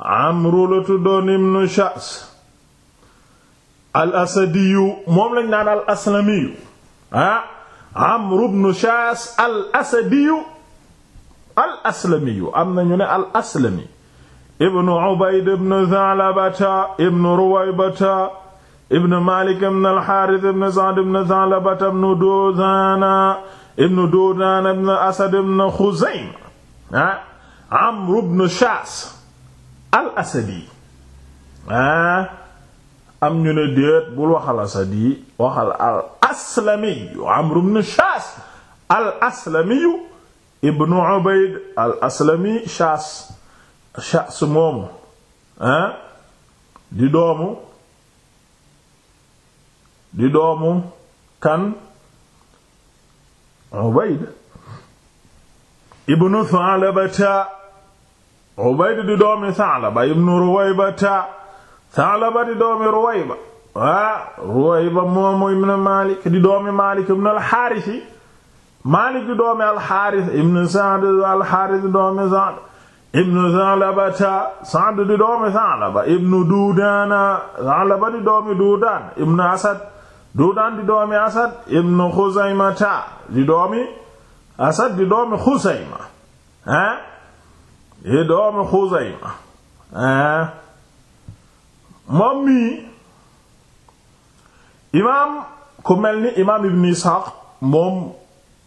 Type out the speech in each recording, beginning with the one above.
amru la tuddoon ibnu Sha's al asadiyu moom lañ naan al aslamiyu ah amru ibnu Sha's al asadiyu al aslamiyu am na ñu ne al aslami ibnu Ubayd ibnu Tha'labata ibnu Ruwaybata ibnu Malik ibnu al Harith ibnu Sa'd ibnu Tha'labata ibnu Dudana ibnu Dudana ibnu Asad ibnu Khuzayma ah amru ibnu Sha's al asadi ah, am ñu ne déet bul waxal asadi waxal al aslami amru ibn shaas al aslami ibnu ubayd al aslami shaas shaas moomu ah, di doomu di doomu kan ubayd ibnu thaalabata Ubayd di doomi Sa'laba ibnu Ruwaybata Sa'laba di doomi Ruwayba Ruwayba moomu ibnu Maalik di doomi Maalik ibnu al-Haarisi di doomi al-Haaris Sa'd al di doomi Sa'd ibnu Sa'labata Sa'd di doomi Sa'laba ibnu Dudaana Sa'laba di doomi Dudaan ibnu Asad Dudaan di doomi Asad ibnu Xusaymata di doomi Asad di doomi Xusayma ah di doomi Xuzayma ah eh? moom mii imaam ku mel ni imaam Ibn Isxaaq moom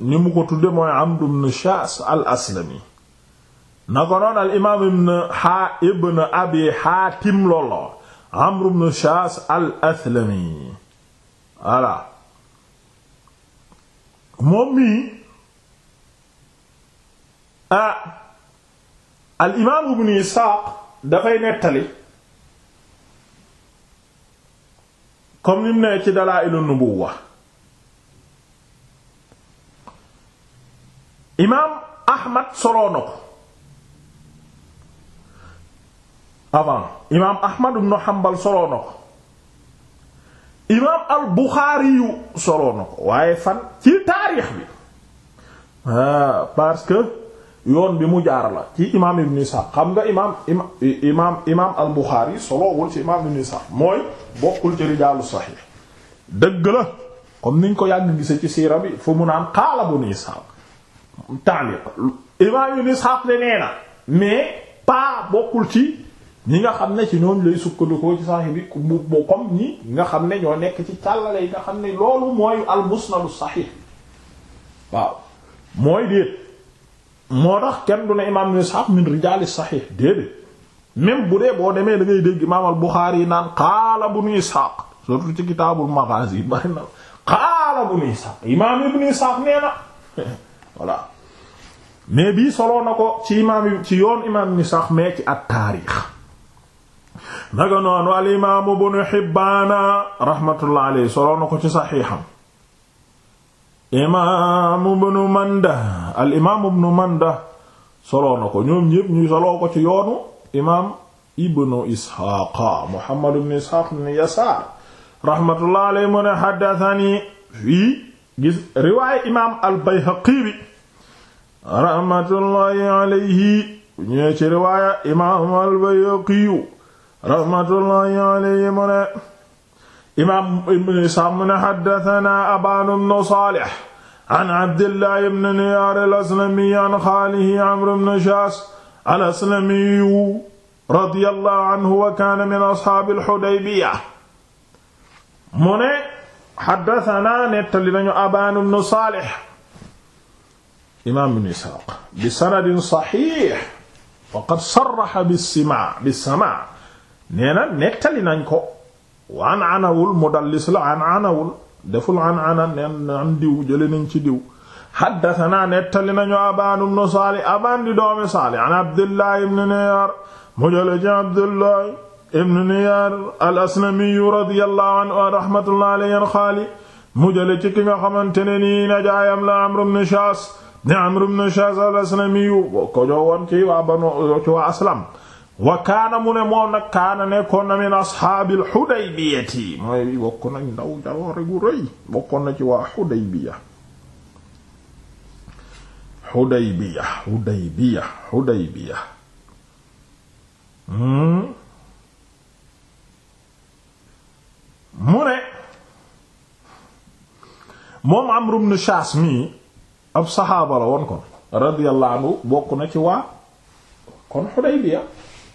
ni mu ko tudde mooy Amr ibn Shaas al Aslami na ko noon al imaam ibn Abi Haatim looloo Amr ibn Shaas al Aslami voilà moom mii ah. al imaam ibn Isaaq dafay nettali comme ni mu ne ci Dalaa'ilu Nubuwwa imaam Ahmad soloo na ko avant imaam Ahmad ibn Hanbal soloo na ko imaam al Buxaari yu soloo na ko waaye fan ci taarix bi ah parce que. yoon bi mu jaar la ci imaam ibn Ishaq xam nga imaam imaam imaam al Bukhari solowul ci imaam ibn Ishaq mooy bokkul ci rijaalu saxiix dëgg la comme niñ ko yàgg gise ci siira bi fu mu naan qaala ibn Ishaq ta'liq imaam ibn Ishaq de nee na mais pas bokkul ci ñi nga xam ne ci ñoom lay sukkandikoo ci saxiix bi bu comme ñi nga xam ne ñoo nekk ci càllale yi nga xam ne loolu mooy al musnadu saxiix mooy déet moo tax kenn du ne imaam ibn Isxaaq min rijaali saxiix déedéet même bu dee boo demee da ngay dégg imaam al Buxaari yi naan qaala ibn Isxaaq surtout ci kitaabul Maghaazi yi bari na qaala ibn Isxaaq imaam ibn Isxaaq nee na voilà mais bii soloo na ko ci yoon imaam ibn Isxaaq mais ci at taarix naka noonu al imaam ibn Hibbaana rahmatullahi alayhi soloo ko ci saxiixam imaam ibn Manda al imaam ibnu manda soloo na ko ñoom ñépp ñu soloo ko ci yoonu imaam ibnu isxaaqa muhammad ibnu isxaaq ibnu yasaar rahmatullah alayhi mu ne xaddatani fii gis riwaaya imaam al bayhaqi bi rahmatullahi alayhi ñëwee ci riwaaya imaam al bayhaqi rahmatullahi alayhi mu ne imaam ibnu isxaaq mu ne xaddatana aban ibnu saalih an abdillah ibn niyaar al-aslami an xaalihi amr ibn shaas al-aslami radiyallahu anhu wa kaana min ashaabil hudaybiyya mu ne xaddatanaa nettali nañu abaan ibn saalix imaam ibn isxaaq bi sanadin saxiix wa qad sarraxa bis-simaa bis-samaa nee na nettali nañ ko waan anawul mudallis la an anawul deful an anan nen an diw jële nañ ci diw xaddatanaa nettali nañu abaan ibnu saali abaan di doomi saali an abdullahi ibnu niyaar mu jële ci abdullahi ibnu niyaar al aslamiyu radiyallahu anhu rahmatullahi alayhi xaali mu jële ci ki nga xamante ne nii najaayam la amru ibnu shaas ni amru ibnu shaas al aslamiyu ko jowoon ci waa banu ci waa aslam wa kaana mu ne moom nag kaana nekkoon na min ashaabil Hudaybiyati mooy bokk nag ndaw jaloore gu rëy na ci waa Hudaybiya Hudaybiya Hudaybiya Hudaybiya hmm? mu ne moom Amr ibn Shaas mi ab saxaaba la kon radiyallahu anhu bokk na ci waa kon Hudaybiya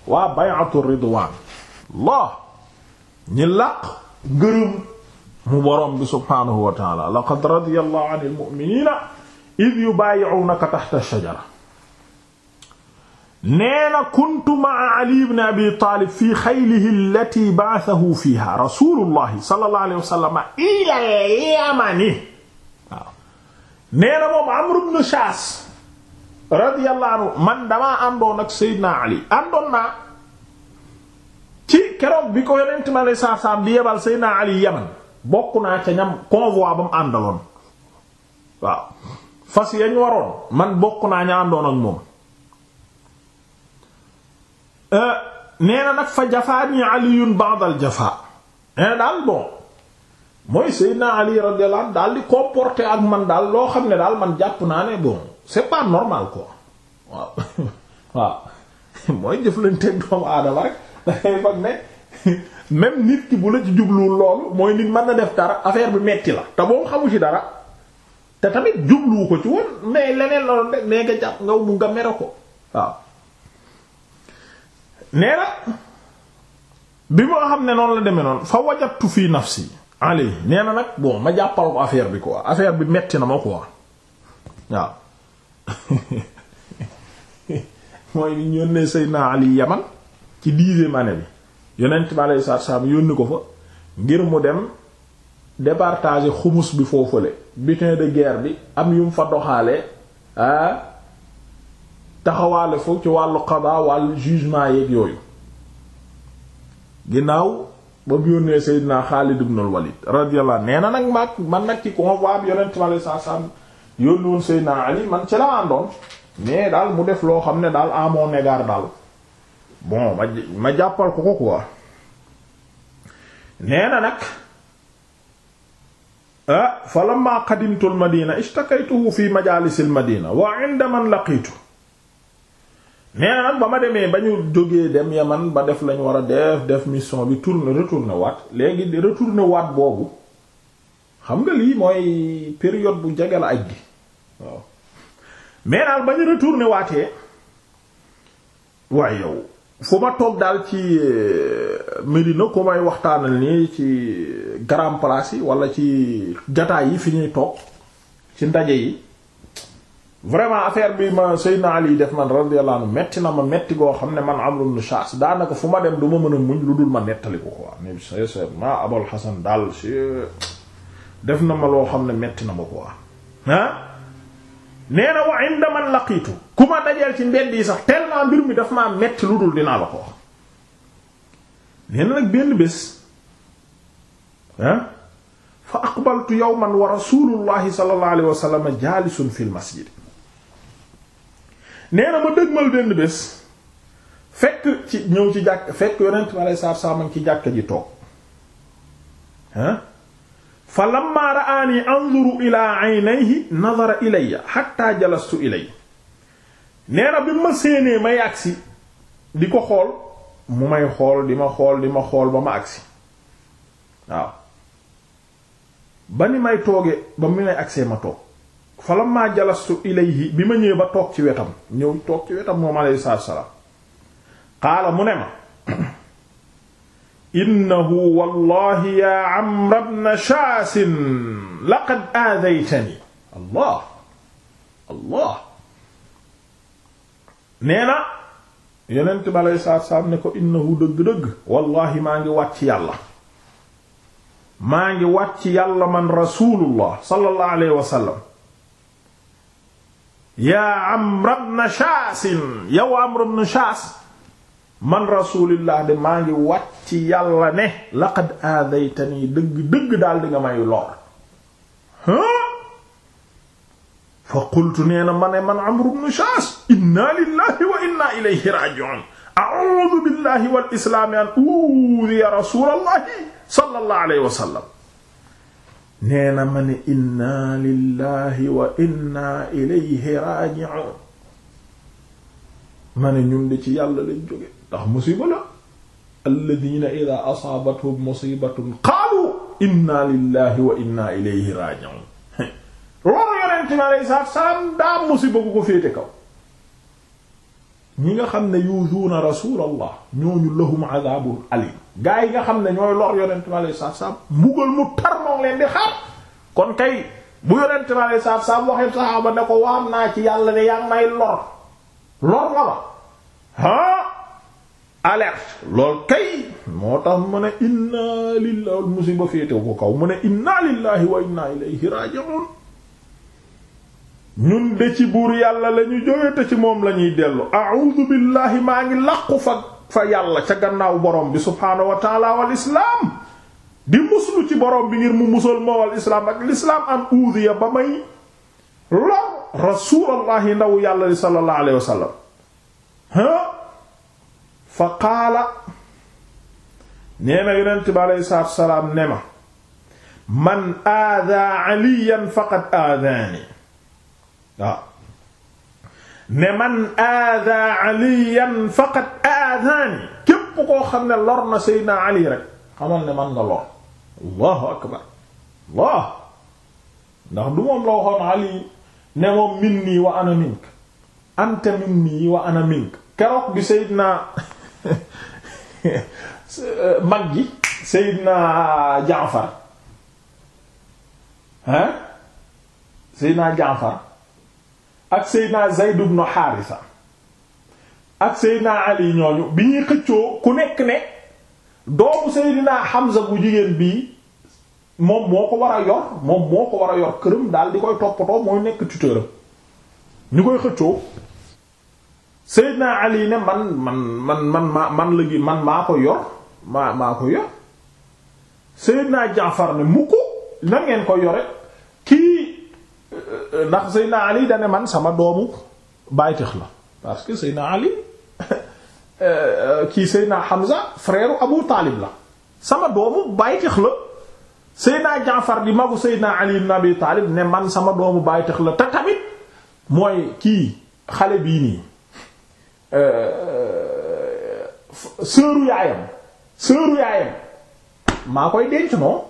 waa bay'atu ridwaan Allah ñi laq ngërëm mu borom bi subhaanahu wa taala laqad radiyallahu anil mu'miniina id yubaayi'uunaka taxta shajara nee na kuntu ma'a Ali ibn Abi Taalib fii xaylihi allati ba'athahu fiihaa rasuulullahi sallallahu alayhi wa sallam ila al-yamani waaw nee na moom Amr ibn Shaas radiyallahu man damaa àndoon ak Seydina Ali àndoon naa ci keroog bi ko yonent ma lay saa saam di yebal Seydina Ali Yaman bokk naa ca ñam convoi ba mu àndaloon waaw fas yañ waroon man bokk naa ña àndoon ak moom euh, nee na nag fa jafaani aliyun ba'dal jafaa nee daal bon mooy Seydina Ali radiyallahu daal di comporter ak man daal loo xam ne daal man jàpp naa ne bon c'est pas normal quoi waaw waaw mooy jëflanteeg doomu aadama rek dangay fag ne même nit ki bu la ci jubluwul loolu mooy nit mën na def dara affaire bi metti la te moom xamu ci dara te tamit jubluwu ko ci woon mais leneen la doon rek nee nga jàpp nga mere ko waaw nee na bi moo xam ne noonu la demee noonu fa wajatu fii nafsi ali nee na nag bon ma jàppal ko affaire bi quoi affaire bi metti na ma quoi waaw mooy ni ñu yónnee Seydina Ali Yaman ci dixième année bi yonent bi alayhi salaatu salaam ko fa ngir mu dem départager xumus bi foofule butin de guerre bi am yu mu fa doxalee ah, taxawaale foofu ci wàllu qada wàllu jugement yeeg yooyu ginnaaw ba mu yónnee Seydina Xaalid ibn al Walid radiyallahu nee na nag maag man nag ci convoi yonent bi alayhi yónni woon Seydina Ali man ci laa àndoon mais daal mu def loo xam ne daal à mon égard daal bon ma ma jàppal ko ko quoi nee na nag ah fa lamma qadimtu al madina ishtakaytuhu fi majalis al madina wa inda man laqitu nee nag ba ma demee ba ñu jógee dem Yaman ba def lañ war a def def mission bi tourne retourne waat léegi retourne waat boobu xam nga lii mooy période bu jege la aj gi waaw mais daal ba ñu retourné waatee waaye yow fu ma toog daal ci euh, Medina ku may waxtaanal nii ci grand place yi wala ci jataay yi fi ñuy toog ci ndaje yi vraiment affaire bi ma Seydina Ali def man radiyallahu anhu metti na ma metti goo xam ne man Amru ibn Shaas daanaka fu ma dem du ma mën a muñ lu dul ma nettali ko quoi mais sincèrement Abul Hasan daal c'est def na ma loo xam ne metti na ma ko ah nee na wa inda laqiitu ku ma dajeel ci mbedd yi sax tellement mbir mi daf maa metti lu dul dinaa la ko wax nee na nag benn bés ah fa aqbaltu yawman wa rasulullahi sallallahu alayhi wa sallam jaalisun fil masjid nee na ma dëgmal benn bés fekk ci ñëw ci jàkk fekk yonent ma lay saar saaman ci jàkk ji toog fa lamma ra'aani anzuru ilaa aynayhi nazara ilayya hatta jalastu ilayhi nee na bi ma séenee may agsi di ko xool mu may xool di ma xool di ma xool ba ma agsi waaw ba ni may tooge ba mu may agsee ma toog fa lamma jalastu ilayhi bi ma ñëwee ba toog ci wetam ñëw toog ci wetam moom alayhi salaam qaala mu ne ma innahu wallahi ya amra bna chaasin laqad aadaytani allah allah nee na yonent bi aleyi salaatu salaam ne ko innahu dëgg-dëgg wallahi maa ngi wàcc yàlla maa ngi wàcc yàlla man rasulullah sallallahu alayhi wa sallam yaa amra bna chaasin yow amra bna chaas man rasulillah de maa ngi wàcc ci yàlla ne laqad aadaytani dëgg dëgg daal di nga may lor fa qultu nee na ma ne man amru ibn shaas inna lillahi wa inna ilayhi raji'un a'udhu billahi wal islaami an udhiya rasulallahi sallallahu alayhi wa sallam nee na ma ne inna lillahi wa inna ilayhi raji'un ma ne ñun de ci yàlla lañ jóge ndax musiba la alladina ida asaabathum musibatun qaalu inna lillahi wa inna ilayhi raji'un loolu yonent mi alayhi salaatu salaam daa musiba ku ko féete kaw ñi nga xam ne yuzuuna rasulallah ñooñu lahum azabun alim gaa yi nga xam ne ñooy lor yonent mi alayhi salaatu salaam mbugal mu tar moom leen di xaar kon kay bu yonent mi alayhi salaatu salaam waxee saxaaba ne ko waam naa ci yàlla ne yaa ngi may lor lor nga ma ah alerte lool kay moo tax mu ne inna lillahi musiba féetew ko kaw mu ne inna lillahi wa inna ilayhi raji'un ñun de ci buur yàlla la ñu jóge ci moom la ñuy dellu a'udhu billahi maa ngi làqu fa fa yàlla ca gannaaw borom bi subhaanahu wa ta'ala wal di muslu ci borom bi ngir mu musal moo wal islaam ak lislaam an udiya ba may lo rasulallahi ndaw yàlla li sallallahu alayhi wa fa qaala nee na yonent bi aleyhi salaatu wa salaam ne ma man aadaa aliyan faqad aadaani waaw ah. ne man aadaa aliyan faqad aadaani képp koo xam ne lor na Seydina Ali rek xamal ne man nga lor allahu akbar allah ndax du moom la waxoon Ali ne moom minnii wa ana mink anta minnii wa ana mink keroog bi Seydina mag ji Seydina Jaafar hein Seydina Jaafar ak Seydina Zayd Haarisa ak Seydina Ali ñooñu bi ñuy xëccoo ku nekk ne doomu Seydina Hamza bu jigéen bii moom moo ko war a yor moom moo ko war a yor këram daal di koy toppatoo mooy nekk tuteeram ñu koy xëccoo Seydina Ali ne man man man man maa man léegi man maa ko yor maa maa ko yor Seydina Jaafar ne mukk ngeen ko yore kii euh, ndax Seydina Ali da ne man sama doomu bàytix la parce que Seydina Ali euh, kii Seydina Hamza frère Abu Taalib la sama doomu bàytix la Seydina Jaafar di magu Seydina Ali ibn Abi Taalib ne man sama doomu bàytix la te tamit mooy kii xale bii nii Euh, euh, sëru yaayam sëru yaayam maa koy denc non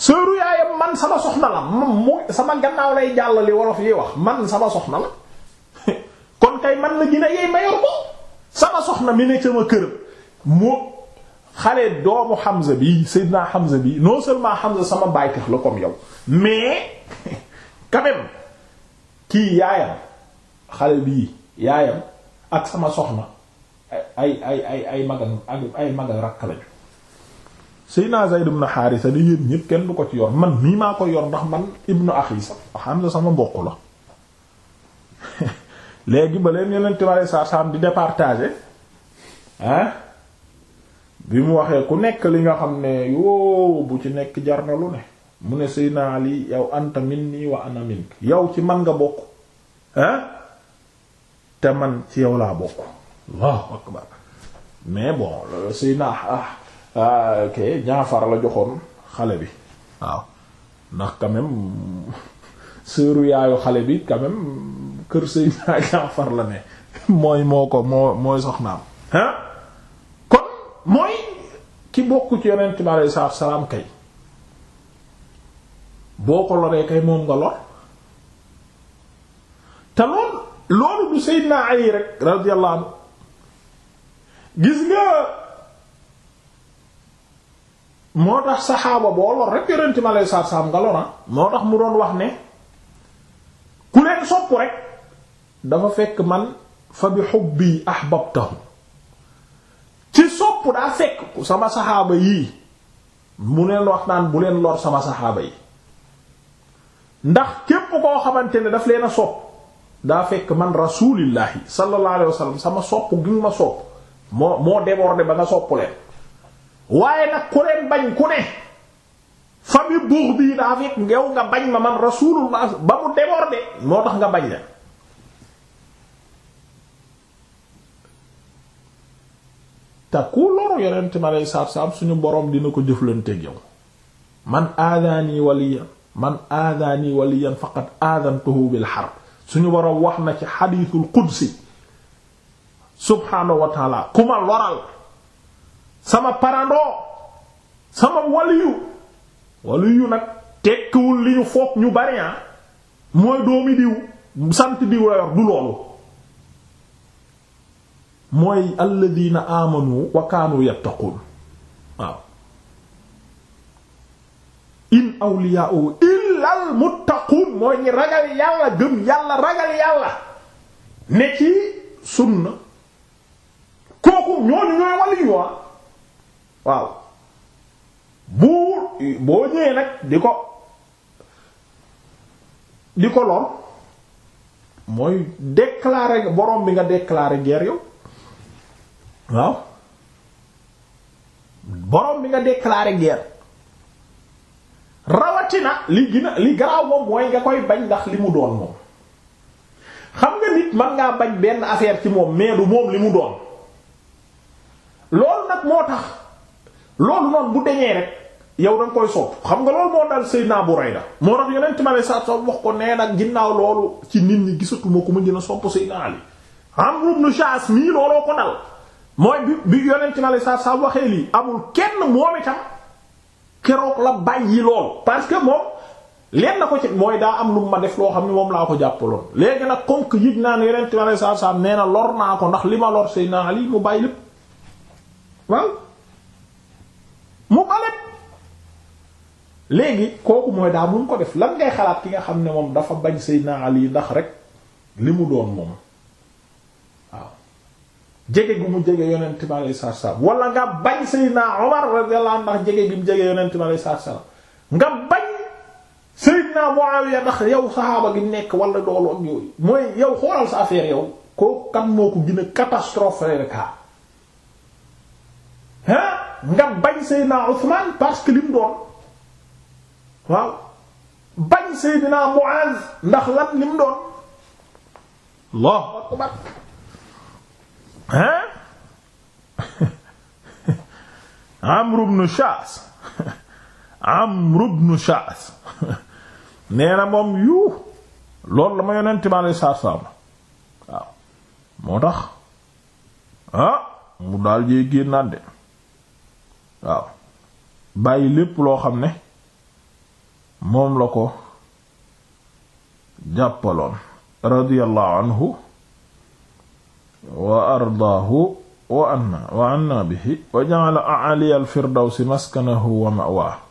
sëru yaayam man sama soxna la moom sama gannaaw lay jàll worof wolof yi wax man sama soxna la kon kay man la gina yeey mayor ko sama soxna mi ne sama kër mu xale doomu Hamza bi Seydina Hamza bi non seulement Hamza sama baytix la comme yow mais quand kii yaayam xale bii yaayam ak sama soxna ay ay ay ay maga ak ay maga rakk lañu Seydina Zayd ibn Haarisa ne yéen ñépp kenn du ko ci yor man nii maa ko yor ndax man ibnu axi am Hamza sama mbokk la léegi ba leen yeneen tibaare saa saam di départager ah bi mu waxee ku nekk li nga xam ne yoo bu ci nekk jar na lu ne mu ne Seydina li yow anta minni wa ana mink yow ci man nga bokk ah te man ci yow laa bokk allahu akbar mais bon si na ah, ah ok Jaafar la joxoon xale bi waaw ndax quand même yaayu xale bi quand même kër Seydina Jaafar la ne mooy moo ko moo mooy soxnaam ah kon mooy ki bokk ci yonent bi aleyhi salaam kay boo ko loree kay moom nga lor te lool loolu du Seydina Ali rek radiyallahu anhu gis nga moo tax saxaaba boo lor rek yonent mi aleyhi salaatu salaam nga lora ah. moo tax mu doon wax ne ku leen sopp rek dafa fekk man fa bi hubbi ahbabtahu ci sopp daa fekk sama saxaaba yii mu neen wax naan bu leen lor sama saxaaba yi ndax képp koo xamante ne daf leen a sopp daa fekk man rasulillahi sallallahu alayhi wa sama sopp gi nga ma sopp moo moo débordé ba nga sopp leen waaye nag ku leen bañ ku ne fa mi buux bii daa fekk nga bañ ma man rasulullah ba mu débordé moo tax nga bañ leen te ku loru yonent ma suñu boroom dina ko jëflanteeg yow man aadaani waliyan man aadaani waliyan faqad aadantuhu bil harb suñu waroon wax na ci xadiisul qudsi subhaanahu wa taala ku ma loral sama parandoo sama waliyu waliyu nag tekkiwul li ñu foog ñu bari ah, mooy doomi diw sant diw du loolu mooy alladina amanu wa kaanu yattaqun waaw in awliyaa'u illal muttaqun muttaquun mooy ñi ragal yàlla gëm yàlla ragal yàlla ne ci sunna kooku ñooñu ñooy wàllu yoon waaw bu boo ñëwee nag di ko di ko lool mooy déclarer borom bi nga déclarer guerre yow waaw borom bi nga déclarer ger na li gina li garaaw moom mooy nga koy bañ ndax li mu doon moom xam nga nit man ngaa bañ benn affaire ci moom mais du moom li mu doon loolu nag moo tax loolu noonu bu deñee rek yow danga koy sopp xam nga loolu moo dal Seydina Burayda moo tax yonent ma ne sa sopp wax ko nee nag loolu ci nit ñi gisatuma ko ma gën a sopp Seydina Ali Amr looloo ko dal mooy bi bi yonent ma ne sa sa waxee lii amul kenn moom itam keroog la bàyyi lool parce que moom leen na ko ci mooy daa am lu ma def loo xam ne moom laa ko jàppaloon léegi nag comme que naa ne yeneen ci wàllu saabsaab nee na lor naa ko ndax li ma lor sëy naa Ali mu bàyyi lépp waaw mu baleet léegi kooku mooy daa mun ko def lan ngay xalaat ki nga xam ne moom dafa bañ sëy naa Ali ndax rek li mu doon moom. jege gu mu jege yonent bi alayhi salaatu salaam wala nga bañ Seydina Omar radiyallahu anhu ndax jege gi mu jege yonent bi alayhi salaatu salaam nga bañ Seydina Muawiya ndax yow saxaaba gi nekk wala loolu ak yooyu mooy yow xoolal sa affaire yow kooku kan moo ko gën a catastrophe rek ah. nga bañ Seydina Ousmane parce que li doon waaw bañ Seydina Muaz ndax lan li doon. hein Amr ibn Shaas Amr ibn Shaas nee na moom yu loolu la ma yonent ma waaw moo tax ah mu daal jee génnaat de waaw bàyyi lépp loo xam ne moom la ko jàppaloon radiyallahu anhu wa ardaahu wa anna wa anna bihi wa ja'ala a'ali al-firdawsi maskanahu wa ma'waahu